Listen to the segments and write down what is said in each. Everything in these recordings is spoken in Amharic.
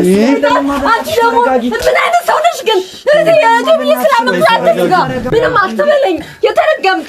ምን አይነት ሰው ነሽ ግን? ምንም አትበለኝ የተረገምክ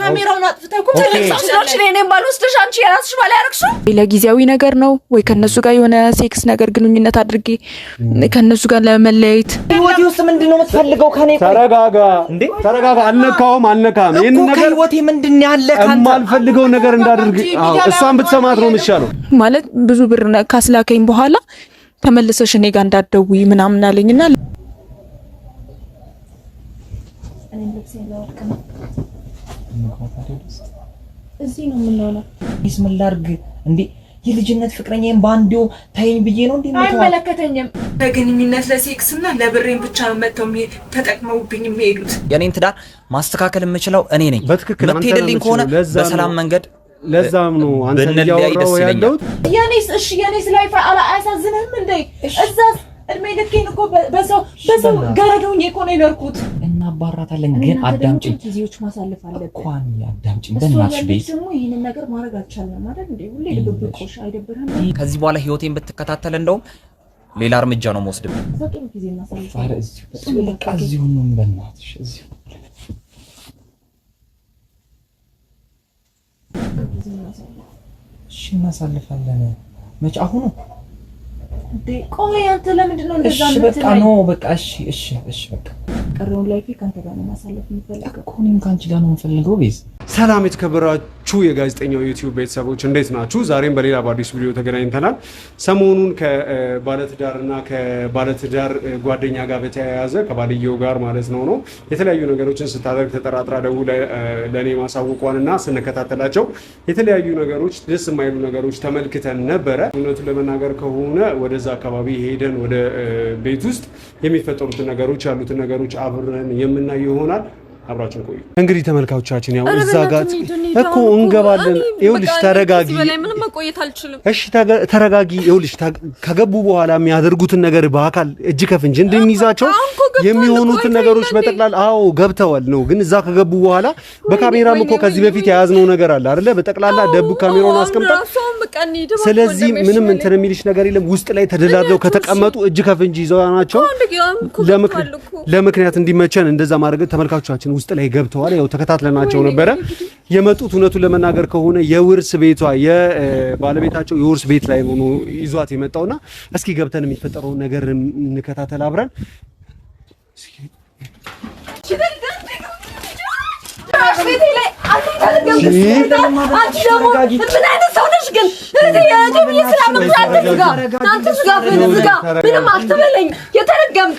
ካሜራውን አጥፍተህ እኔም ባልወስድሽ አንቺ የራስሽ ባል ያረግሱ ለጊዜያዊ ነገር ነው ወይ ከእነሱ ጋር የሆነ ሴክስ ነገር ግንኙነት አድርጌ ከእነሱ ጋር ለመለያየት ህይወቴ ውስጥ ምንድን ነው የምትፈልገው ከኔ? ተረጋጋ፣ ተረጋጋ። አልነካውም፣ አልነካም። ይህን ነገር ህይወቴ ምንድን ያለ የማልፈልገው ነገር እንዳደርግ እሷን ብትሰማት ነው የሚሻለው። ማለት ብዙ ብር ካስላከኝ በኋላ ተመልሰሽ እኔ ጋር እንዳትደውይ ምናምን አለኝና እዚህ ነው የምንሆነው። ይስ ምን ላድርግ እንዴ? የልጅነት ፍቅረኛዬን በአንዴው ታይኝ ብዬ ነው እንዴ? አይመለከተኝም። በግንኙነት ለሴክስ እና ለብሬን ብቻ ነው መጥተው ተጠቅመውብኝ የሚሄዱት። የኔን ትዳር ማስተካከል የምችለው እኔ ነኝ። በትክክል ከሆነ በሰላም መንገድ ለዛም ነው አንተ ያወራው ያለው። የኔስ እሺ፣ የኔስ ላይፍ አያሳዝንህም እንዴ? እዛስ እድሜ ልኬን እኮ በሰው በሰው ገረደው እኮ ነው የኖርኩት። እናባራታለን ግን አዳምጪኝ፣ ጊዜዎች ማሳለፍ አለብን። ኳን አዳምጪኝ፣ በእናትሽ ቤት ደግሞ ይሄንን ነገር ማድረግ አልቻልንም አይደል እንዴ? ሁሌ ልብብቆሽ አይደብርህም? ከዚህ በኋላ ህይወቴን ብትከታተል እንደውም ሌላ እርምጃ ነው መወስድብ። እዚሁ ነው በእናትሽ እዚሁ እሺ፣ እናሳልፋለን መቼ አሁኑ ቆይ አንተ ለምንድን ነው እንደዛ ነው? በቃ ነው በቃ እሺ፣ እሺ፣ እሺ፣ በቃ ቀረውን ላይፍ ካንተ ጋር ነው ማሳለፍ የምፈልገው እኮ እኔም ካንቺ ጋር ነው የምፈልገው። ቤዝ ሰላም፣ የተከበራችሁ የጋዜጠኛው ዩቲዩብ ቤተሰቦች እንዴት ናችሁ? ዛሬም በሌላ በአዲስ ቪዲዮ ተገናኝተናል። ሰሞኑን ከባለትዳርና ከባለትዳር ጓደኛ ጋር በተያያዘ ከባልየው ጋር ማለት ነው ነው የተለያዩ ነገሮችን ስታደርግ ተጠራጥራ ደውላ ለእኔ ማሳወቋንና ስንከታተላቸው የተለያዩ ነገሮች ደስ የማይሉ ነገሮች ተመልክተን ነበረ። እውነቱን ለመናገር ከሆነ ወደዛ አካባቢ ሄደን ወደ ቤት ውስጥ የሚፈጠሩትን ነገሮች ያሉትን ነገሮች አብረን የምናየው ይሆናል። አብራችን ቆዩ። እንግዲህ ተመልካቾቻችን ያው እዛ ጋር እኮ እንገባለን። ይኸውልሽ ተረጋጊ። እሺ ተረጋጊ። ይኸውልሽ ከገቡ በኋላ የሚያደርጉትን ነገር በአካል እጅ ከፍንጅ እንድንይዛቸው የሚሆኑትን ነገሮች በጠቅላላ አዎ ገብተዋል ነው። ግን እዛ ከገቡ በኋላ በካሜራም እኮ ከዚህ በፊት የያዝነው ነገር አለ አይደለ? በጠቅላላ ደቡ ካሜራውን አስቀምጣ። ስለዚህ ምንም እንትን የሚልሽ ነገር የለም። ውስጥ ላይ ተደላድለው ከተቀመጡ እጅ ከፍንጅ ይዘናቸው ለምክንያት እንዲመቸን እንደዛ ማድረግ ተመልካቾቻችን ውስጥ ላይ ገብተዋል። ያው ተከታትለናቸው ነበረ። የመጡት እውነቱን ለመናገር ከሆነ የውርስ ቤቷ የባለቤታቸው የውርስ ቤት ላይ ሆኖ ይዟት የመጣውና እስኪ ገብተን የሚፈጠረውን ነገር እንከታተል አብረን ምንም አትበለኝ የተረገምክ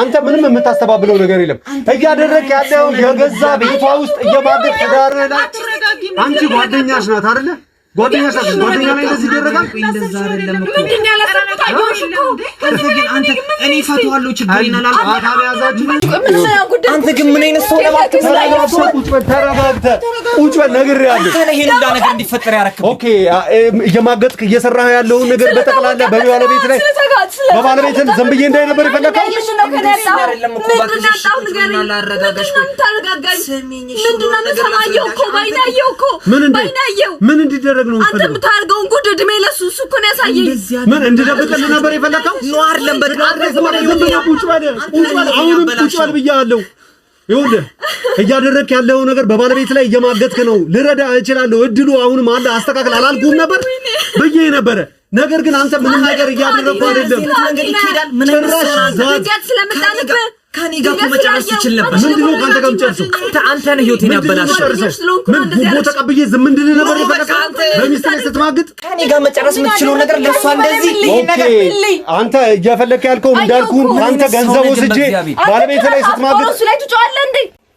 አንተ ምንም የምታስተባብለው ነገር የለም። እያደረግ ያለው የገዛ ቤቷ ውስጥ እየባገ ትዳር ላይ አንቺ ጓደኛሽ ናት አይደለ? ጓደኛ ሳትል ጓደኛ ላይ እንደዚህ እየማገጥክ እየሰራህ ያለውን ነገር በጠቅላላ በባለቤት ላይ በባለቤት ዝም እንዳይነበር የፈለከው ምን ማድረግ ነው አንተ የምታደርገውን ጉድ እድሜ ለሱ እሱ እኮ ነው ያሳየኝ። ምን እንድደብቅልህ ነበር የፈለከው? አሁንም ቁጭ በል ብያለሁ። ይኸውልህ እያደረግክ ያለው ነገር በባለቤት ላይ እየማገጥክ ነው። ልረዳ እችላለሁ፣ እድሉ አሁንም አለ፣ አስተካክል አላልኩም ነበር ብዬ ነበረ። ነገር ግን አንተ ምንም ነገር እያደረግኩ አይደለም። ጭራሽ ስለምጣልብህ ከኔ ጋር እኮ መጨረስ ትችል ነበር። ምንድን ነው ጋር አንተ ነህ ህይወቴን ያበላሸው። ምን ጉቦ ተቀብዬ ዝም ነበር? ስትማግጥ ከኔ ጋር መጨረስ የምትችለው ነገር ለእሷ እንደዚህ። አንተ እየፈለክ ያልከው ገንዘብ ወስጄ ባለቤት ላይ ስትማግጥ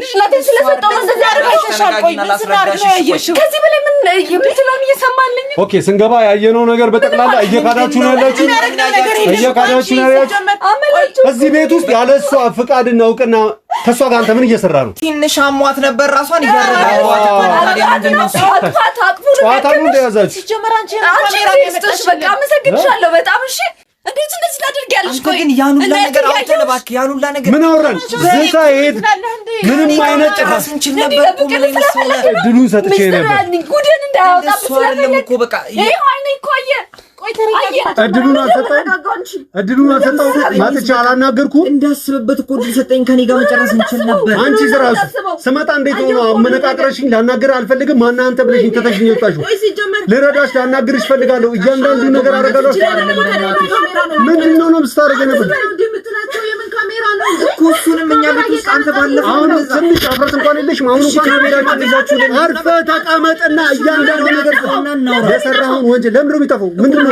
ልጅነቴን ስለሰጠው እንደዚህ ከዚህ በላይ ምን የምትለውን እየሰማልኝ። ኦኬ ስንገባ ያየነው ነገር በጠቅላላ እየካዳችሁ ነው ያላችሁ፣ እየካዳችሁ ነው ያላችሁ። እዚህ ቤት ውስጥ ያለ እሷ ፍቃድና እውቅና ከእሷ ጋር አንተ ምን እየሰራ ነው? ትንሽ አሟት ነበር ራሷን አመሰግንሻለሁ በጣም እሺ እንዴት እንደዚህ ላደርግ ያለሽ? ቆይ ግን ያን ሁላ ነገር አውጥተን እባክህ፣ ያን ሁላ ነገር ምን አወራን? ዘሳ ይሄድ ምንም አይነት ጭራሽ እንችል ነበር እኮ ድሉን ሰጥቼ ነበር። ጉድን እንዳያወጣብህ ስለፈለግ ይሄ አይኔ ቆየ እድሉን አልሰጠውም። እድሉን አልሰጠውም። እንዳስብበት እኮ ሰጠኝ። ከኔ ጋር መጨረስ እንችል ስመጣ እንዴት ሆኖ መነቃቅረሽኝ ላናገር አልፈልግም። ማነህ አንተ ብለሽኝ እያንዳንዱ ነገር አደርጋለሁ። እንኳን የለሽም። አሁን እንኳን ካሜራችሁን ተቀመጥና እያንዳንዱ ነገር የሰራኸውን ወንጀል ለምንድን ነው የሚጠፋው? ምንድን ነው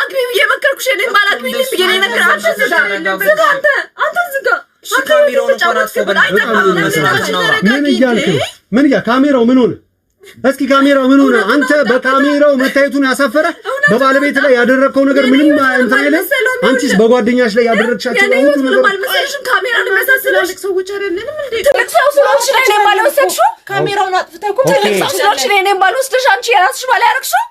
አግቢ ብዬ መከርኩሽ። እኔ ማላግቢ ብዬ ነው ነገር አንተ ዝጋ፣ አንተ አንተ ዝጋ። ምን እያልክ ነው? ምን እያ ካሜራው ምን ሆነ? እስኪ ካሜራው ምን ሆነ? አንተ በካሜራው መታየቱን ያሳፈረ በባለቤት ላይ ያደረግከው ነገር ምንም እንትን አይለ። አንቺስ በጓደኛሽ ላይ ያደረግሻቸው ሁሉ ነገር ካሜራውን አጥፍተህ አንቺ የራስሽ ባለ ያረግሽው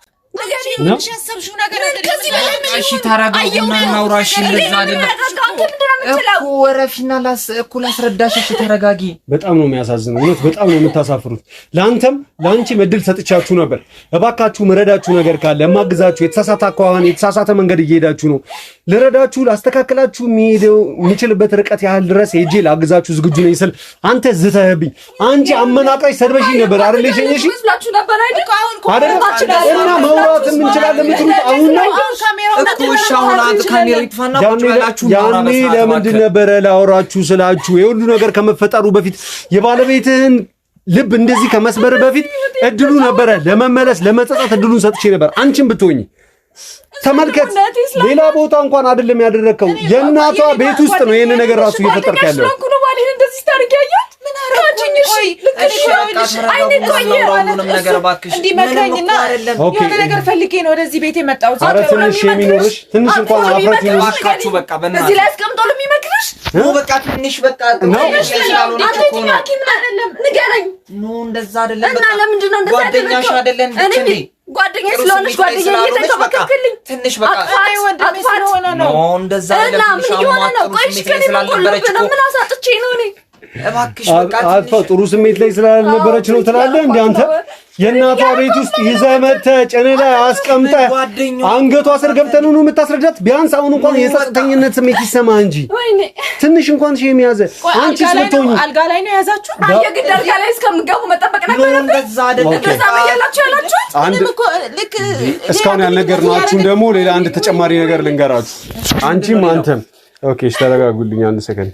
በጣም ነው የሚያሳዝነው። እውነት በጣም ነው የምታሳፍሩት። ለአንተም ለአንቺ እድል ሰጥቻችሁ ነበር። እባካችሁ መረዳችሁ ነገር ካለ የማግዛችሁ የተሳሳተ አኳኋን የተሳሳተ መንገድ እየሄዳችሁ ነው። ልረዳችሁ ላስተካክላችሁ የሚሄደው የሚችልበት ርቀት ያህል ድረስ ሄጄ ላግዛችሁ ዝግጁ ነኝ ስል አንተ ዝተህብኝ። አንቺ አመናቃይ ሰድበሽኝ ነበር አይደል? ማውራት እንችላለን የምትሉት አሁን ነው እኮ። እሺ አሁን አንተ ካሜራው ይጥፋና ቁጭ ብላችሁ ያኔ ለምንድን ነበረ ላወራችሁ ስላችሁ የሁሉ ነገር ከመፈጠሩ በፊት የባለቤትህን ልብ እንደዚህ ከመስበር በፊት እድሉ ነበረ ለመመለስ ለመጸጸት እድሉን ሰጥቼ ነበር። አንቺን ብትሆኝ ተመልከት፣ ሌላ ቦታ እንኳን አይደለም ያደረከው፣ የእናቷ ቤት ውስጥ ነው ይሄን ነገር ራሱ እየፈጠርክ ያለው። ነገር ፈልጌ ነው ወደዚህ ቤት የመጣሁት። ትንሽ የሚኖርሽ ትንሽ እንኳን አፍረት ይኖርሽ እዚህ ላይ አስቀምጦ ለሚመክርሽ በቃ ትንሽ በቃ ንገረኝ። እንደዛ አይደለም እና ለምንድን ነው እንደዛ ጓደኛሽ አይደለም እኔ ጓደኛ ስለሆነች ጓደኛ እየተንከባከብክልኝ ትንሽ በቃ አይ ወንድሜ ስለሆነ ነው እንደዛ አይደለም። ምን እየሆነ ነው? ቆይ ከኔ ምን አሳጥቼ ነው እኔ አጥፋ ጥሩ ስሜት ላይ ስላልነበረች ነው ትላለህ። እንደ አንተ የእናቷ ቤት ውስጥ ይዘህ መተህ ጭንህ ላይ አስቀምጠህ አንገቷ ስር ገብተን ነው የምታስረዳት። ቢያንስ አሁን እንኳን የጸጥተኝነት ስሜት ይሰማ እንጂ ትንሽ እንኳን ሼም ያዘ። አንቺስ ብትሆኚ አልጋ ላይ ነው የያዛችሁ። የግድ አልጋ ላይ እስከምገቡ መጠበቅ ነበረበት። እስካሁን ያልነገርናችሁም ደግሞ ሌላ አንድ ተጨማሪ ነገር ልንገራችሁ። አንቺም አንተም ኦኬ፣ ተረጋጉልኝ አንድ ሰከንድ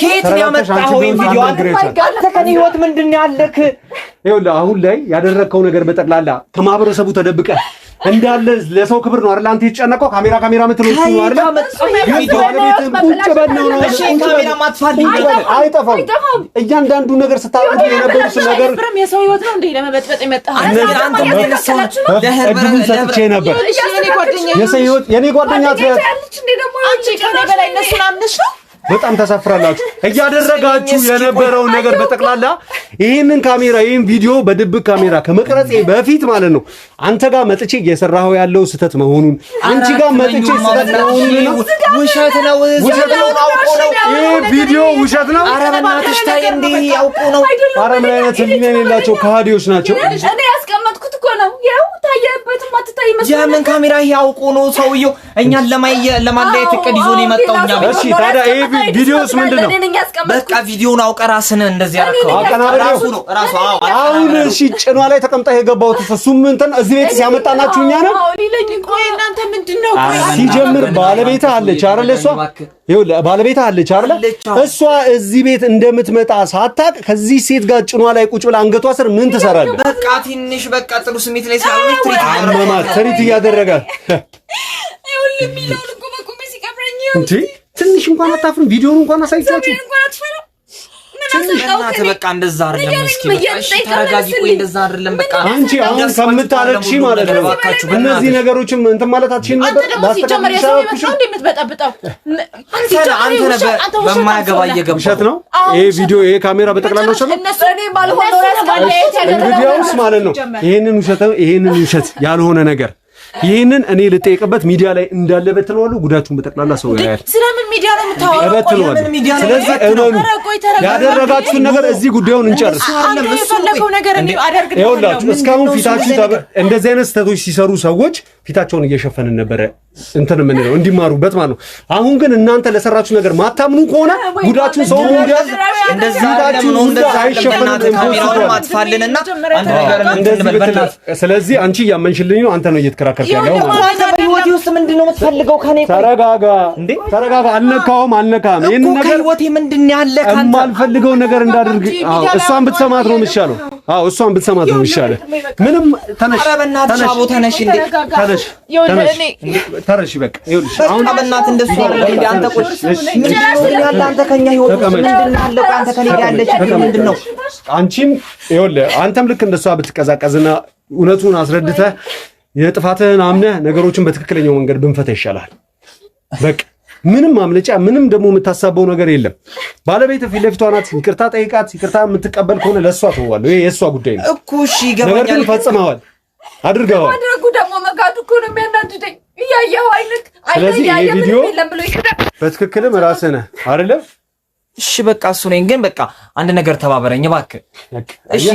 ከየት ያመጣኸው ቪዲዮ? አንተ ከኔ ህይወት ምንድን ያለክ? ይኸውልህ አሁን ላይ ያደረግከው ነገር በጠቅላላ ከማህበረሰቡ ተደብቀ እንዳለ ለሰው ክብር ነው አይደል? አንተ የተጨነቀው ካሜራ ካሜራ የምትለው ነው አይደል? ቁጭ በል ነው እሺ ካሜራ ማጥፋልኝ አይጠፋም። እያንዳንዱ ነገር ስታደርጉ የነበሩት ነገር የሰው ህይወት ነው እንዴ ለመበጥበጥ የመጣኸው? አንተ እድሉን ሰጥቼ ነበር። የሰው ህይወት የኔ ጓደኛ አትበል አንቺ ከኔ በላይ እነሱን አምነሽ ነው በጣም ተሳፍራላችሁ። እያደረጋችሁ የነበረው ነገር በጠቅላላ ይህንን ካሜራ ይህን ቪዲዮ በድብቅ ካሜራ ከመቅረጼ በፊት ማለት ነው አንተ ጋር መጥቼ እየሰራሁ ያለው ስህተት መሆኑን አንቺ ጋር መጥቼ ስህተት መሆኑን ነው። ውሸት ነው፣ ውሸት ነው፣ ይህ ቪዲዮ ውሸት ነው። ኧረ በእናትሽ ታይ፣ እንዲህ ያውቁ ነው። ኧረ ምን አይነት ህሊና የሌላቸው ከሃዲዎች ናቸው። እኔ ያስቀመጥኩት እኮ ነው። ይኸው ታየ የምን ካሜራ ያውቁ ነው ሰውየው እኛን ለማለየት እቅድ ይዞ ነው የመጣው። እኛ እሺ፣ ታዲያ ይሄ ቪዲዮስ ምንድን ነው? በቃ ቪዲዮውን አውቀ ራስን እንደዚህ አደረከው። ራሱ ነው ራሱ። አሁን እሺ፣ ጭኗ ላይ ተቀምጣ የገባሁት እሱም እንትን እዚህ ቤት ሲያመጣናችሁ እኛ ነን። ሲጀምር ባለቤታ አለች አይደል? እሷ ይኸውልህ፣ ባለቤታ አለች አይደል? እሷ እዚህ ቤት እንደምትመጣ ሳታቅ ከዚህ ሴት ጋር ጭኗ ላይ ቁጭ ብላ አንገቷ ስር ምን ትሰራለህ? በቃ ትንሽ በቃ ጥሩ ስሜት ላይ ሳይሆን እያመማት ትሪት እያደረጋት ትንሽ እንኳን አታፍርም። ቪዲዮን እንኳን አሳይቻችሁ ከምታረግሺ ማለት ነው እነዚህ ነገሮችን እንትን ማለት አትችይም ነበር። ውሸት ነው ይሄ ቪዲዮ፣ ይሄ ካሜራ በጠቅላላ ውሸት ነው። እንግዲያውስ ማለት ነው ይሄንን ውሸት ያልሆነ ነገር ይህንን እኔ ልጠየቅበት ሚዲያ ላይ እንዳለ በትለዋለሁ። ጉዳቱን በጠቅላላ ሰው ያያል። ስለምን ሚዲያ ነው የምታወራው? ስለዚህ እመኑ፣ ያደረጋችሁን ነገር እዚህ ጉዳዩን እንጨርስ። ይኸውላችሁ እስካሁን ፊታችሁ እንደዚህ አይነት ስህተቶች ሲሰሩ ሰዎች ፊታቸውን እየሸፈንን ነበረ እንትን የምንለው እንዲማሩበት ማለት ነው። አሁን ግን እናንተ ለሰራችሁ ነገር ማታምኑ ከሆነ ጉዳችሁን ሰው ሚዲያ ስለዚህ አንቺ እያመንሽልኝ ነው። አንተ ነው እየተከራከር በህይወቴ ውስጥ ምንድን ነው የማልፈልገው ነገር እንዳደርግ እሷን ብትሰማት ነው የሚሻለው። አዎ እሷን ብትሰማት ነው የሚሻለው። ምንም ተነሽ፣ አንተም ልክ እንደሷ ብትቀዛቀዝና እውነቱን አስረድተህ የጥፋትህን አምነህ ነገሮችን በትክክለኛው መንገድ ብንፈታ ይሻላል። በቃ ምንም ማምለጫ ምንም ደግሞ የምታሳበው ነገር የለም። ባለቤት ፊት ለፊቷ ናት። ይቅርታ ጠይቃት። ይቅርታ የምትቀበል ከሆነ ለእሷ ትዋለሁ። ይሄ የእሷ ጉዳይ ነው እኮ እሺ። ነገር ግን ፈጽመዋል፣ አድርገዋል። ማድረጉ ደግሞ እኮ ነው የሚያናድደኝ። እያየኸው አይልክ። ስለዚህ ይሄ ቪዲዮ በትክክልም ራስህ ነህ አይደለም እሺ በቃ እሱ ነኝ። ግን በቃ አንድ ነገር ተባበረኝ እባክህ። እሺ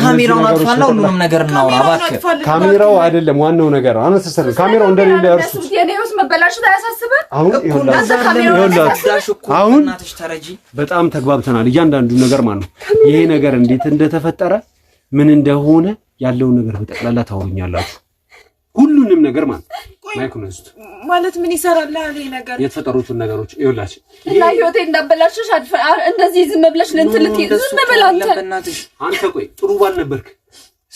ካሜራውን አጥፋና ሁሉንም ነገር እናውራ እባክህ። ካሜራው አይደለም ዋናው ነገር አነሰሰረ ካሜራው እንደሌለ እርሱ አሁን በጣም ተግባብተናል። እያንዳንዱ ነገር ማለት ነው ይሄ ነገር እንዴት እንደተፈጠረ ምን እንደሆነ ያለውን ነገር በጠቅላላ ታወሩኛላችሁ። ሁሉንም ነገር ማለት ማይኩን ውስጥ ማለት ምን ይሰራል? ለኔ ነገር የተፈጠሩትን ነገሮች ይውላች እና ህይወቴ እንዳበላሽሽ እንደዚህ ዝም ብለሽ ለእንትን ልትይ ዝም ብለህ አንተ አንተ ቆይ ጥሩ ባል ነበርክ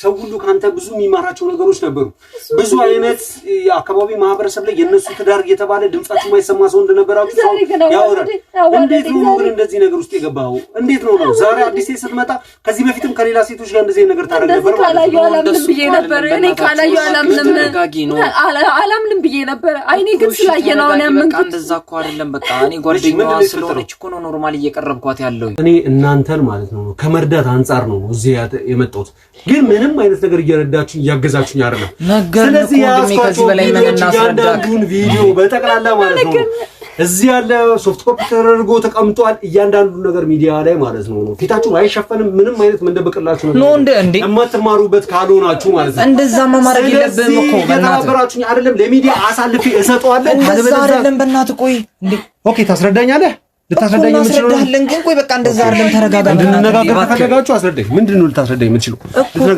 ሰው ሁሉ ከአንተ ብዙ የሚማራቸው ነገሮች ነበሩ። ብዙ አይነት አካባቢ ማህበረሰብ ላይ የእነሱ ትዳር እየተባለ ድምጻቸው የማይሰማ ሰው እንደነበራችሁ ያወራል። እንዴት ነው ግን እንደዚህ ነገር ውስጥ የገባው? እንዴት ነው ነው ዛሬ አዲስ ስትመጣ? ከዚህ በፊትም ከሌላ ሴቶች ጋር እንደዚህ ነገር ታደርግ ነበር ማለት አላምንም ብዬ ነበር እኔ ካላዩ አላምንም ብዬ ነበር። አይኔ ግን ስላየናው ነው ምን እንደዛ እኮ አይደለም። በቃ እኔ ጓደኛዋ ስለሆነች እኮ ነው ኖርማል እየቀረብኳት ያለው። እኔ እናንተን ማለት ነው ከመርዳት አንጻር ነው እዚህ የመጣሁት ግን ምንም ምንም አይነት ነገር እየረዳችሁ እያገዛችሁኝ አይደለም። ስለዚህ የያዝኳቸው ቪዲዮ በጠቅላላ ማለት ነው እዚህ ያለ ሶፍት ኮፒ ተደርጎ ተቀምጧል። እያንዳንዱ ነገር ሚዲያ ላይ ማለት ነው ነው ፊታችሁ አይሸፈንም። ምንም አይነት ምንደብቅላችሁ ነገር ነው እንደ እንደ የማትማሩበት ካልሆናችሁ ማለት ነው። እንደዛማ ማድረግ የለብህም እኮ የተባበራችሁኝ አይደለም። ለሚዲያ አሳልፌ እሰጠዋለሁ። በዛ አይደለም በእናትህ ቆይ እንዴ ኦኬ ታስረዳኛለህ ልታስረዳኝ የምትችለውን ግን ቆይ በቃ እንደዛ አይደለም። ተረጋጋ፣ እንድንነጋገር ከፈለጋችሁ አስረዳኝ። ምንድን ነው ልታስረዳኝ የምትችለው?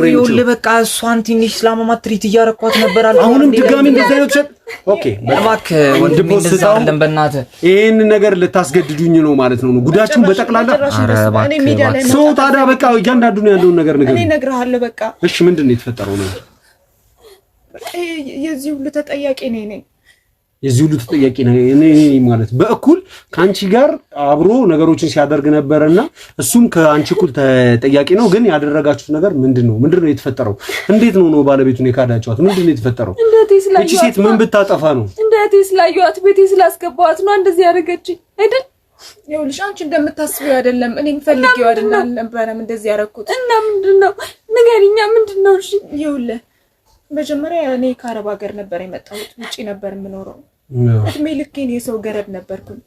ይኸውልህ በቃ እሷን ትንሽ ለማማት ትሪት እያረኳት ነበር። አሁንም ድጋሚ እንደዛ ነው ሸጥ። ኦኬ እባክህ ወንድሜ፣ እንደዛ አይደለም በእናትህ። ይሄን ነገር ልታስገድዱኝ ነው ማለት ነው? ጉዳችሁን በጠቅላላ። ኧረ እባክህ ሰው ታዲያ በቃ እያንዳንዱ ያለውን ነገር ንገረኝ። እኔ እነግርሃለሁ በቃ። እሺ ምንድን ነው የተፈጠረው ነው የዚህ ሁሉ ተጠያቂ ነኝ ነኝ የዚህ ሁሉ ተጠያቂ ማለት በእኩል ከአንቺ ጋር አብሮ ነገሮችን ሲያደርግ ነበረ እና እሱም ከአንቺ እኩል ተጠያቂ ነው። ግን ያደረጋችሁት ነገር ምንድን ነው? ምንድን ነው የተፈጠረው? እንዴት ነው ነው ባለቤቱን የካዳቸዋት? ምንድን ነው የተፈጠረው? እቺ ሴት ምን ብታጠፋ ነው? እንዴት ቤቴ ስላስገባት ነው እንደዚህ ያደረገችኝ አይደል? ይኸውልሽ አንቺ እንደምታስቢው አይደለም። እኔም ፈልጌው አይደለም ነበረም እንደዚህ ያደረኩት እና ምንድን ነው ንገሪኛ፣ ምንድን ነው? እሺ ይኸውልህ መጀመሪያ እኔ ከአረብ ሀገር ነበር የመጣሁት። ውጪ ነበር የምኖረው እድሜ ልኬን የሰው ገረድ ነበርኩኝ።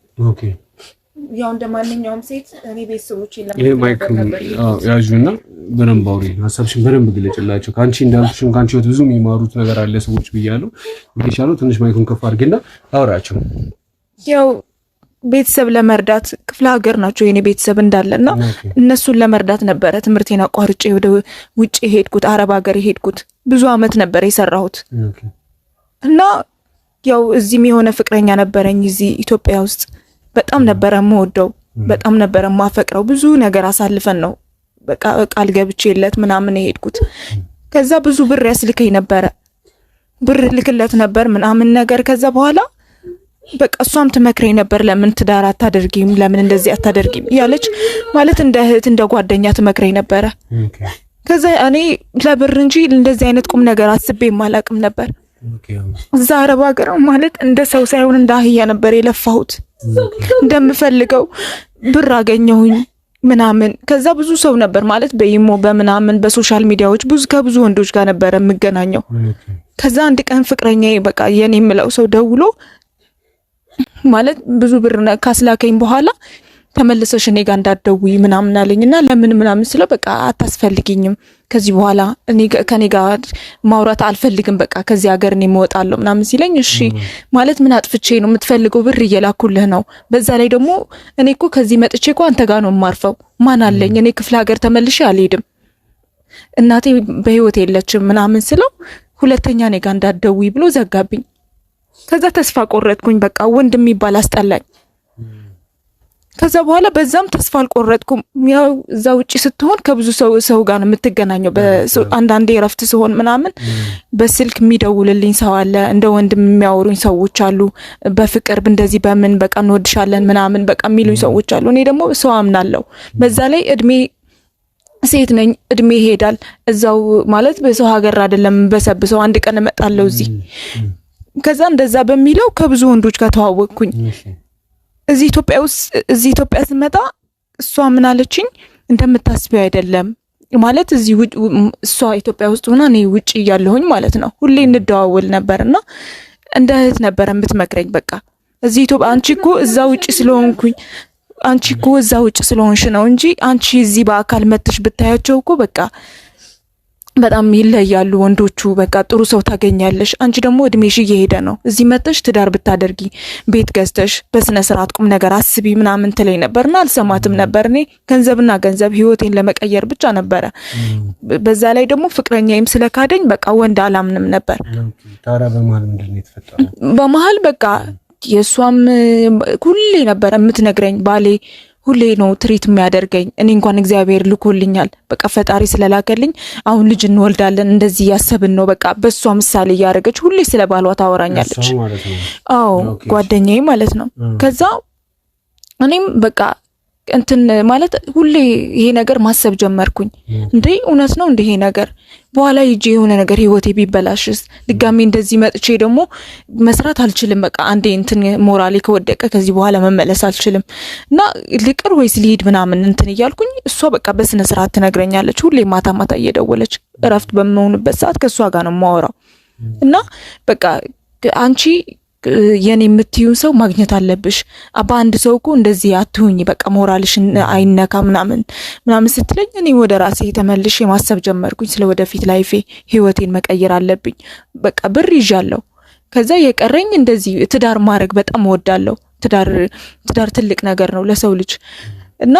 ያው እንደ ማንኛውም ሴት እኔ ቤተሰቦች ያዡና በደንብ አውሪ፣ ሀሳብሽን በደንብ ግለጭላቸው። ከአንቺ እንዳልኩሽም ከአንቺ ህይወት ብዙ የሚማሩት ነገር አለ ሰዎች ብያለሁ። የተሻለው ትንሽ ማይኩን ከፍ አድርጌና አውራቸው። ያው ቤተሰብ ለመርዳት ክፍለ ሀገር ናቸው የኔ ቤተሰብ እንዳለና እነሱን ለመርዳት ነበረ ትምህርቴን አቋርጬ ወደ ውጭ ሄድኩት። አረብ ሀገር ሄድኩት። ብዙ አመት ነበር የሰራሁት እና ያው እዚህም የሆነ ፍቅረኛ ነበረኝ እዚህ ኢትዮጵያ ውስጥ በጣም ነበረ የምወደው፣ በጣም ነበረ የማፈቅረው። ብዙ ነገር አሳልፈን ነው በቃ ቃል ገብቼለት ምናምን የሄድኩት። ከዛ ብዙ ብር ያስልከኝ ነበረ፣ ብር ልክለት ነበር ምናምን ነገር። ከዛ በኋላ በቃ እሷም ትመክረኝ ነበር፣ ለምን ትዳር አታደርጊም፣ ለምን እንደዚህ አታደርጊም እያለች ማለት እንደ እህት እንደ ጓደኛ ትመክረኝ ነበረ። ከዛ እኔ ለብር እንጂ እንደዚህ አይነት ቁም ነገር አስቤ አላቅም ነበር። እዛ አረብ ሀገር ማለት እንደ ሰው ሳይሆን እንደ አህያ ነበር የለፋሁት። እንደምፈልገው ብር አገኘሁኝ ምናምን። ከዛ ብዙ ሰው ነበር ማለት በኢሞ በምናምን በሶሻል ሚዲያዎች ብዙ ከብዙ ወንዶች ጋር ነበረ የምገናኘው። ከዛ አንድ ቀን ፍቅረኛ በቃ የኔ የምለው ሰው ደውሎ ማለት ብዙ ብር ካስላከኝ በኋላ ተመልሰሽ እኔ ጋር እንዳደዊ ምናምን አለኝና ለምን ምናምን ስለው በቃ አታስፈልግኝም ከዚህ በኋላ ከኔ ጋር ማውራት አልፈልግም፣ በቃ ከዚህ ሀገር እኔ እወጣለሁ ምናምን ሲለኝ፣ እሺ ማለት ምን አጥፍቼ ነው የምትፈልገው? ብር እየላኩልህ ነው። በዛ ላይ ደግሞ እኔ እኮ ከዚህ መጥቼ እኮ አንተ ጋር ነው የማርፈው። ማን አለኝ እኔ ክፍለ ሀገር ተመልሼ አልሄድም፣ እናቴ በህይወት የለችም ምናምን ስለው ሁለተኛ እኔ ጋር እንዳደዊ ብሎ ዘጋብኝ። ከዛ ተስፋ ቆረጥኩኝ። በቃ ወንድ የሚባል አስጠላኝ። ከዛ በኋላ በዛም ተስፋ አልቆረጥኩም። ያው እዛ ውጭ ስትሆን ከብዙ ሰው ሰው ጋር ነው የምትገናኘው። አንዳንዴ እረፍት ስሆን ምናምን በስልክ የሚደውልልኝ ሰው አለ፣ እንደ ወንድም የሚያወሩኝ ሰዎች አሉ። በፍቅር እንደዚህ በምን በቃ እንወድሻለን ምናምን በቃ የሚሉኝ ሰዎች አሉ። እኔ ደግሞ ሰው አምናለው በዛ ላይ እድሜ ሴት ነኝ፣ እድሜ ይሄዳል። እዛው ማለት በሰው ሀገር አይደለም በሰብሰው አንድ ቀን እመጣለው እዚህ። ከዛ እንደዛ በሚለው ከብዙ ወንዶች ጋር ተዋወቅኩኝ። እዚህ ኢትዮጵያ ውስጥ እዚህ ኢትዮጵያ ስመጣ እሷ ምን አለችኝ፣ እንደምታስቢው አይደለም ማለት እዚህ እሷ ኢትዮጵያ ውስጥ ሆና እኔ ውጭ እያለሁኝ ማለት ነው ሁሌ እንደዋወል ነበር እና እንደ እህት ነበር የምትመክረኝ። በቃ እዚህ ኢትዮጵያ አንቺ እኮ እዛ ውጭ ስለሆንኩኝ አንቺ እኮ እዛ ውጭ ስለሆንሽ ነው እንጂ አንቺ እዚህ በአካል መተሽ ብታያቸው እኮ በቃ በጣም ይለያሉ ወንዶቹ። በቃ ጥሩ ሰው ታገኛለሽ። አንቺ ደግሞ እድሜሽ እየሄደ ነው። እዚህ መጥተሽ ትዳር ብታደርጊ ቤት ገዝተሽ በስነ ስርዓት ቁም ነገር አስቢ ምናምን ትለኝ ነበርና አልሰማትም ነበር። እኔ ገንዘብና ገንዘብ ህይወቴን ለመቀየር ብቻ ነበረ። በዛ ላይ ደግሞ ፍቅረኛዬም ስለካደኝ በቃ ወንድ አላምንም ነበር። በመሀል በቃ የእሷም ሁሌ ነበረ የምትነግረኝ ባሌ ሁሌ ነው ትሪት የሚያደርገኝ። እኔ እንኳን እግዚአብሔር ልኮልኛል፣ በቃ ፈጣሪ ስለላከልኝ አሁን ልጅ እንወልዳለን እንደዚህ እያሰብን ነው። በቃ በእሷ ምሳሌ እያደረገች ሁሌ ስለ ባሏ ታወራኛለች። አዎ ጓደኛዬ ማለት ነው። ከዛ እኔም በቃ እንትን ማለት ሁሌ ይሄ ነገር ማሰብ ጀመርኩኝ። እንዴ እውነት ነው እንዴ ይሄ ነገር በኋላ ይጂ የሆነ ነገር ህይወቴ ቢበላሽስ ድጋሚ እንደዚህ መጥቼ ደግሞ መስራት አልችልም። በቃ አንዴ እንትን ሞራሌ ከወደቀ ከዚህ በኋላ መመለስ አልችልም እና ልቅር ወይስ ሊሄድ ምናምን እንትን እያልኩኝ እሷ በቃ በስነ ስርዓት ትነግረኛለች። ሁሌ ማታ ማታ እየደወለች እረፍት በምሆንበት ሰዓት ከእሷ ጋር ነው የማወራው እና በቃ አንቺ የኔ የምትዩን ሰው ማግኘት አለብሽ። በአንድ ሰው እኮ እንደዚህ አትሁኝ፣ በቃ ሞራልሽ አይነካ ምናምን ምናምን ስትለኝ እኔ ወደ ራሴ ተመልሽ የማሰብ ጀመርኩኝ። ስለ ወደፊት ላይፌ ህይወቴን መቀየር አለብኝ። በቃ ብር ይዣለሁ። ከዛ የቀረኝ እንደዚህ ትዳር ማድረግ በጣም እወዳለሁ። ትዳር ትዳር ትልቅ ነገር ነው ለሰው ልጅ እና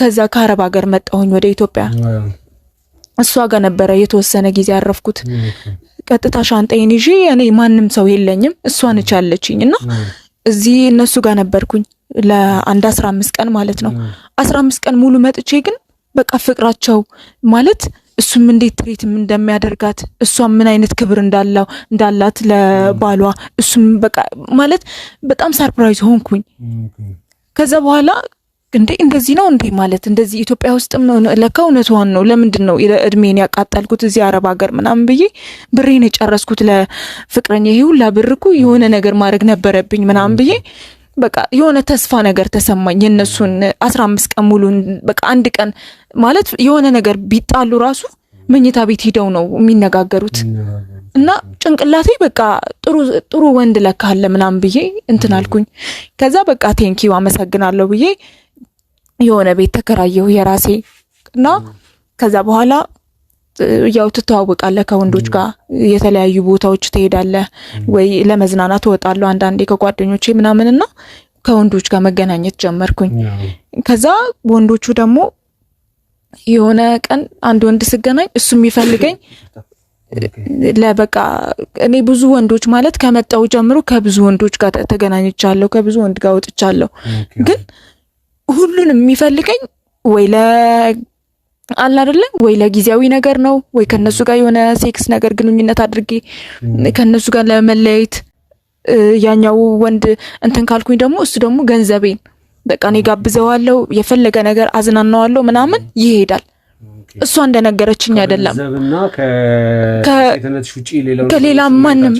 ከዛ ከአረብ ሀገር መጣሁኝ ወደ ኢትዮጵያ። እሷ ጋር ነበረ የተወሰነ ጊዜ ያረፍኩት። ቀጥታ ሻንጣዬን ይዤ እኔ ማንም ሰው የለኝም እሷ ነች ያለችኝ እና እዚህ እነሱ ጋር ነበርኩኝ ለአንድ አስራ አምስት ቀን ማለት ነው። አስራ አምስት ቀን ሙሉ መጥቼ ግን በቃ ፍቅራቸው ማለት እሱም እንዴት ትሬትም እንደሚያደርጋት እሷም ምን አይነት ክብር እንዳለው እንዳላት ለባሏ እሱም በቃ ማለት በጣም ሰርፕራይዝ ሆንኩኝ። ከዛ በኋላ እንዴ እንደዚህ ነው እንዴ ማለት እንደዚህ ኢትዮጵያ ውስጥም ለካ እውነቷን ነው። ለምንድን ነው እድሜን ያቃጠልኩት እዚህ አረብ ሀገር ምናምን ብዬ ብሬን የጨረስኩት ለፍቅረኛ ይሄ ሁላ ብር እኮ የሆነ ነገር ማድረግ ነበረብኝ ምናምን ብዬ በቃ የሆነ ተስፋ ነገር ተሰማኝ። የእነሱን አስራ አምስት ቀን ሙሉ በቃ አንድ ቀን ማለት የሆነ ነገር ቢጣሉ ራሱ መኝታ ቤት ሂደው ነው የሚነጋገሩት። እና ጭንቅላቴ በቃ ጥሩ ጥሩ ወንድ ለካ አለ ምናምን ብዬ እንትን አልኩኝ። ከዛ በቃ ቴንኪው አመሰግናለሁ ብዬ የሆነ ቤት ተከራየሁ የራሴ እና ከዛ በኋላ ያው ትተዋወቃለህ ከወንዶች ጋር የተለያዩ ቦታዎች ትሄዳለህ፣ ወይ ለመዝናናት እወጣለሁ አንዳንዴ ከጓደኞቼ ምናምንና ከወንዶች ጋር መገናኘት ጀመርኩኝ። ከዛ ወንዶቹ ደግሞ የሆነ ቀን አንድ ወንድ ስገናኝ እሱ የሚፈልገኝ ለበቃ እኔ ብዙ ወንዶች ማለት ከመጣው ጀምሮ ከብዙ ወንዶች ጋር ተገናኝቻለሁ፣ ከብዙ ወንድ ጋር ወጥቻለሁ ግን ሁሉንም የሚፈልገኝ ወይ አለ አይደለ ወይ ለጊዜያዊ ነገር ነው ወይ ከነሱ ጋር የሆነ ሴክስ ነገር ግንኙነት አድርጌ ከነሱ ጋር ለመለያየት ያኛው ወንድ እንትን ካልኩኝ ደግሞ እሱ ደግሞ ገንዘቤን በቃ እኔ ጋብዘዋለው የፈለገ ነገር አዝናናዋለሁ ምናምን ይሄዳል። እሷ እንደነገረችኝ አይደለም። ከሌላ ማንም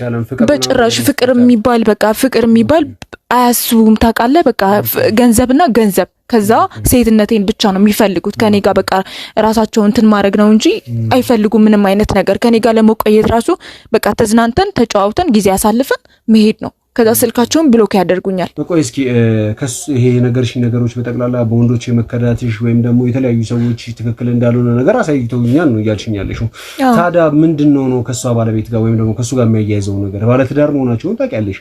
በጭራሽ ፍቅር የሚባል በቃ ፍቅር የሚባል አያስቡም። ታውቃለህ፣ በቃ ገንዘብና ገንዘብ ከዛ ሴትነቴን ብቻ ነው የሚፈልጉት። ከኔ ጋር በቃ ራሳቸውን እንትን ማድረግ ነው እንጂ አይፈልጉም ምንም አይነት ነገር። ከኔ ጋር ለመቆየት ራሱ በቃ ተዝናንተን ተጫዋውተን ጊዜ አሳልፈን መሄድ ነው። ከዛ ስልካቸውን ብሎክ ያደርጉኛል። ቆይ እስኪ ይሄ ነገርሽ ነገሮች በጠቅላላ በወንዶች የመከዳትሽ ወይም ደግሞ የተለያዩ ሰዎች ትክክል እንዳልሆነ ነገር አሳይተውኛል ነው እያልሽኝ ያለሽው። ታዲያ ምንድን ነው ነው ከእሷ ባለቤት ጋር ወይም ደግሞ ከእሱ ጋር የሚያያይዘው ነገር? ባለትዳር መሆናቸውን ታውቂያለሽ።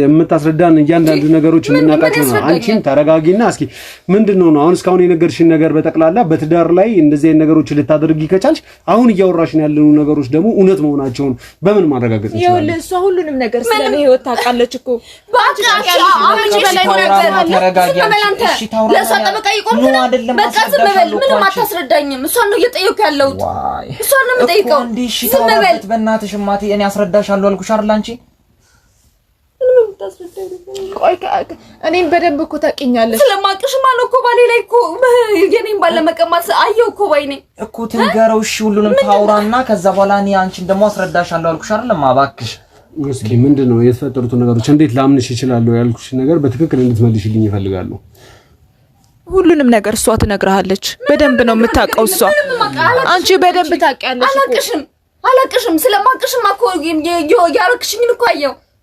የምታስረዳን እያንዳንዱ ነገሮች የምናውቃቸው ነው። አንቺም ተረጋጊና እስኪ ምንድን ነው ነው አሁን እስካሁን የነገርሽን ነገር በጠቅላላ በትዳር ላይ እንደዚህ አይነት ነገሮች ልታደርግ ከቻልሽ አሁን እያወራሽን ያለኑ ነገሮች ደግሞ እውነት መሆናቸውን በምን ማረጋገጥ ይችላል? እሷ ሁሉንም ነገር ስለ ህይወት ታውቃለች እኮ ለእሷ ጠበቃ ይቆም በቃ ዝም ያለሁት። እሷን ነው የምጠይቀው። ዝም በል በእናትሽ። እማቴ እኔ አስረዳሻለሁ አልኩሽ አይደል አንቺ እኔን በደንብ እኮ ታውቂኛለሽ። ስለማቅሽ ማለት እኮ ባሌ ላይ እኮ የኔን አየሁ እኮ ባይኔ እኮ ትንገረው። እሺ ሁሉንም ታውራና ከዛ በኋላ እኔ አንቺን ደግሞ አስረዳሻለሁ አልኩሽ አይደለም? እባክሽ ምንድን ነው ነገሮች? እንዴት ላምንሽ ያልኩሽ ነገር በትክክል እንድትመልሽልኝ ይፈልጋሉ። ሁሉንም ነገር እሷ ትነግርሃለች። በደንብ ነው የምታውቀው እሷ። አንቺ በደንብ ታውቂያለሽ። አላቅሽም፣ አላቅሽም። ስለማቅሽም እኮ ያረክሽኝን እኮ አየሁ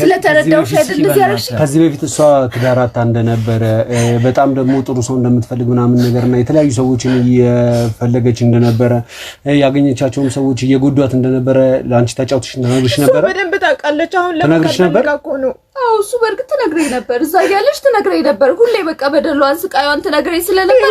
ስለተረዳሁሽ አይደል እንደዚህ ያደረግሽ? ከዚህ በፊት እሷ ትዳር አታ እንደነበረ በጣም ደግሞ ጥሩ ሰው እንደምትፈልግ ምናምን ነገር እና የተለያዩ ሰዎችን እየፈለገች እንደነበረ ያገኘቻቸውም ሰዎች እየጎዷት እንደነበረ ለአንቺ ተጫውተሽ ተናግረሽ ነበረ። በደንብ ታውቃለች። አሁን ለምን ነበር እኮ ነው አዎ እሱ በእርግጥ ትነግረኝ ነበር። እዛ እያለች ትነግረኝ ነበር። ሁሌ በቃ በደሏን፣ ስቃዩን ትነግረኝ ስለነበር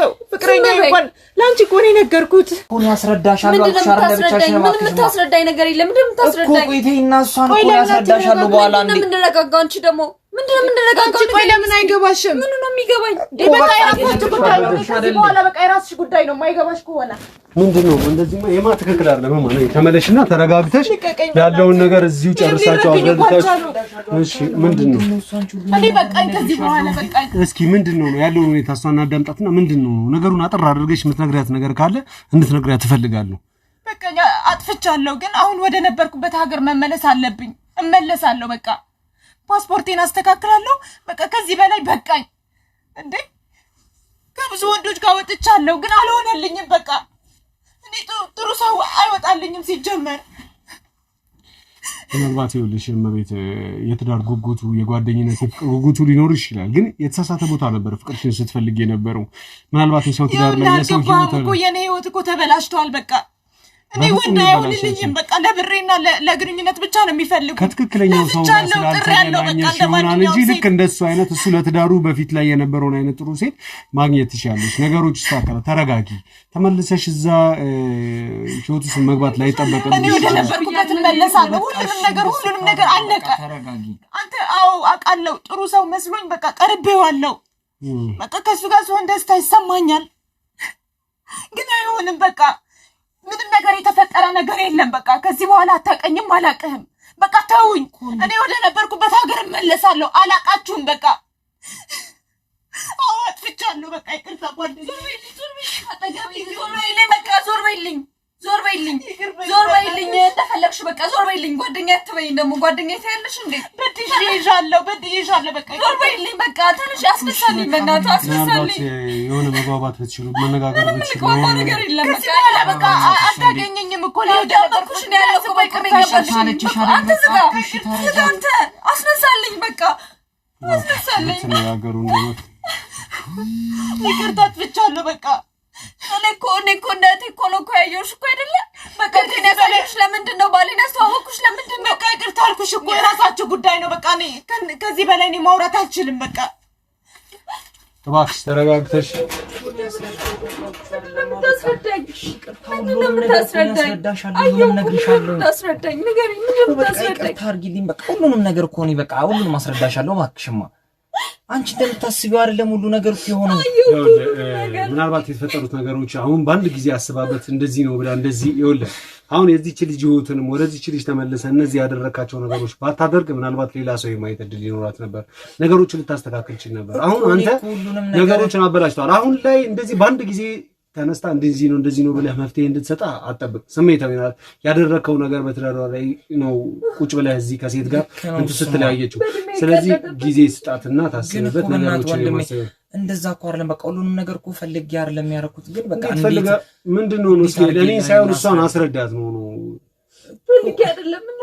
ሰው ፍቅረኛ እንኳን ለአንቺ እኮ ነው የነገርኩት። አስረዳሻለሁ። ምንም የምታስረዳኝ ነገር የለም። ምንድን ነው የምታስረዳኝ? ቆይ እና እሷን እኮ አስረዳሻለሁ። በኋላ እንዴ። ምንድን ነው የምንረጋጋው? አንቺ ደግሞ ምንድነው የምንነጋገረው? ቆይ ለምን አይገባሽም? ምኑ ነው የሚገባኝ? ጉዳይ ነው። በኋላ በቃ የራስሽ ጉዳይ ነው። የማይገባሽ ከሆነ እንደዚህ የማ ትክክል ተመለሽና ተረጋግተሽ ያለውን ነገር እዚሁ ጨርሳቸው እሺ እስኪ ነው ያለውን ሁኔታ ነገሩን አጥር አድርገሽ የምትነግሪያት ነገር ካለ እንድትነግሪያት ትፈልጋለሁ። በቃ አጥፍቻለሁ፣ ግን አሁን ወደ ነበርኩበት ሀገር መመለስ አለብኝ። እመለሳለሁ በቃ ፓስፖርቴን አስተካክላለሁ። በቃ ከዚህ በላይ በቃኝ። እንዴ ከብዙ ወንዶች ጋር ወጥቻለሁ፣ ግን አልሆነልኝም። በቃ እኔ ጥሩ ሰው አይወጣልኝም ሲጀመር። ምናልባት ይኸውልሽ እመቤት የትዳር ጉጉቱ የጓደኝነት የፍቅር ጉጉቱ ሊኖር ይችላል፣ ግን የተሳሳተ ቦታ ነበር ፍቅርሽን ስትፈልግ የነበረው ምናልባት የሰው ትዳር ላይ የሰው ህይወት የኔ ህይወት እኮ ተበላሽተዋል በቃ እኔ ወንድ አይሆንልኝም። በቃ ለብሬና ለግንኙነት ብቻ ነው የሚፈልጉ ከትክክለኛው ሰው ስላልተገናኘሽ እንጂ ልክ እንደሱ አይነት እሱ ለትዳሩ በፊት ላይ የነበረውን አይነት ጥሩ ሴት ማግኘት ትችያለሽ። ነገሮች ይስተካከላል። ተረጋጊ። ተመልሰሽ እዛ ህይወት ውስጥ መግባት ላይ ጠበቀ እኔ ወደ ነበርኩበት እመለሳለሁ። ሁሉንም ነገር ሁሉንም ነገር አለቀ። አንተ አዎ አውቃለሁ። ጥሩ ሰው መስሎኝ በቃ ቀርቤዋለሁ። በቃ ከእሱ ጋር ሲሆን ደስታ ይሰማኛል፣ ግን አይሆንም በቃ ምንም ነገር የተፈጠረ ነገር የለም። በቃ ከዚህ በኋላ አታቀኝም፣ አላቅህም። በቃ ተውኝ። እኔ ወደ ነበርኩበት ሀገር እመለሳለሁ። አላቃችሁም። በቃ አዋጥፍቻለሁ። በቃ ይቅርታ ጓደኛዬ፣ ዞር በይልኝ። ዞር በይልኝ፣ ዞር በይልኝ፣ እንደፈለግሽ በቃ ዞር በይልኝ። ጓደኛ አትበይኝ ደግሞ ጓደኛ ታያለሽ እንዴ? በድዬሻለሁ፣ በድዬሻለሁ። በቃ ዞር በይልኝ። በቃ ትንሽ አስነሳልኝ፣ በእናትህ አስነሳልኝ። የሆነ መግባባት ብትችሉ መነጋገር ብትችሉ ነገር የለም። በቃ አታገኘኝም እኮ ዳመኩሽ ነው ያለው እኮ በቃ አንተ ዝጋ፣ ዝጋ አንተ አስነሳልኝ፣ በቃ አስነሳልኝ። ይቅርታ አጥፍቻለሁ በቃ እኔ እኮ እኔ እኮ እናቴ እኮ ነው እኮ ያየሁሽ እኮ አይደለ። በቃ ግን ያሳየሁሽ ለምንድን ነው? ባሌን ያስተዋወቅኩሽ ለምንድን ነው? በቃ ይቅርታ አልኩሽ እኮ የራሳችሁ ጉዳይ ነው። በቃ እኔ ከዚህ በላይ እኔ ማውራት አልችልም። በቃ እባክሽ ተረጋግተሽ ሁሉንም ነገር እኮ እኔ በቃ ሁሉንም አስረዳሻለሁ። እባክሽማ አንቺ እንደምታስቢው አይደለም ሁሉ ነገር የሆነው። ምናልባት የተፈጠሩት ነገሮች አሁን በአንድ ጊዜ አስባበት እንደዚህ ነው ብላ እንደዚህ ይኸውልህ፣ አሁን የዚች ልጅ ህይወትንም ወደዚች ልጅ ተመልሰ እነዚህ ያደረካቸው ነገሮች ባታደርግ ምናልባት ሌላ ሰው የማየት እድል ይኖራት ነበር። ነገሮችን ልታስተካክል ችል ነበር። አሁን አንተ ነገሮችን አበላሽተዋል። አሁን ላይ እንደዚህ በአንድ ጊዜ ተነስታ እንደዚህ ነው እንደዚህ ነው ብለህ መፍትሄ እንድትሰጣ አጠብቅ። ስሜታዊ ናት። ያደረከው ነገር በትዳሯ ላይ ነው። ቁጭ ብለህ እዚህ ከሴት ጋር እንትን ስትለያየችው፣ ስለዚህ ጊዜ ስጣትና ታስብበት ነገሮችን የማስበ እንደዛ እኮ አይደለም። በቃ ሁሉንም ነገር እኮ ፈልጌ አይደለም ያደረኩት፣ ግን በቃ ምንድን ነው እስኪ እኔ ሳይሆን እሷን አስረዳት ነው ነው ፈልጌ አይደለም እና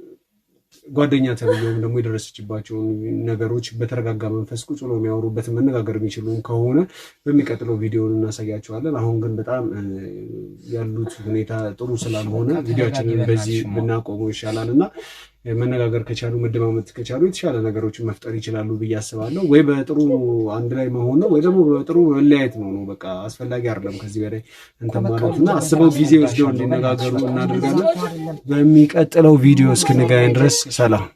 ጓደኛ ተብዬውም ደግሞ የደረሰችባቸውን ነገሮች በተረጋጋ መንፈስ ቁጭ ብሎ የሚያወሩበት መነጋገር የሚችሉ ከሆነ በሚቀጥለው ቪዲዮን እናሳያቸዋለን። አሁን ግን በጣም ያሉት ሁኔታ ጥሩ ስላልሆነ ቪዲዮችንን በዚህ ብናቆመው ይሻላል እና መነጋገር ከቻሉ መደማመጥ ከቻሉ የተሻለ ነገሮችን መፍጠር ይችላሉ ብዬ አስባለሁ። ወይ በጥሩ አንድ ላይ መሆን ነው፣ ወይ ደግሞ በጥሩ መለያየት ነው ነው በቃ አስፈላጊ አይደለም ከዚህ በላይ እንትን ማለት እና አስበው ጊዜ ወስደው እንዲነጋገሩ እናደርጋለን። በሚቀጥለው ቪዲዮ እስክንገናኝ ድረስ ሰላም።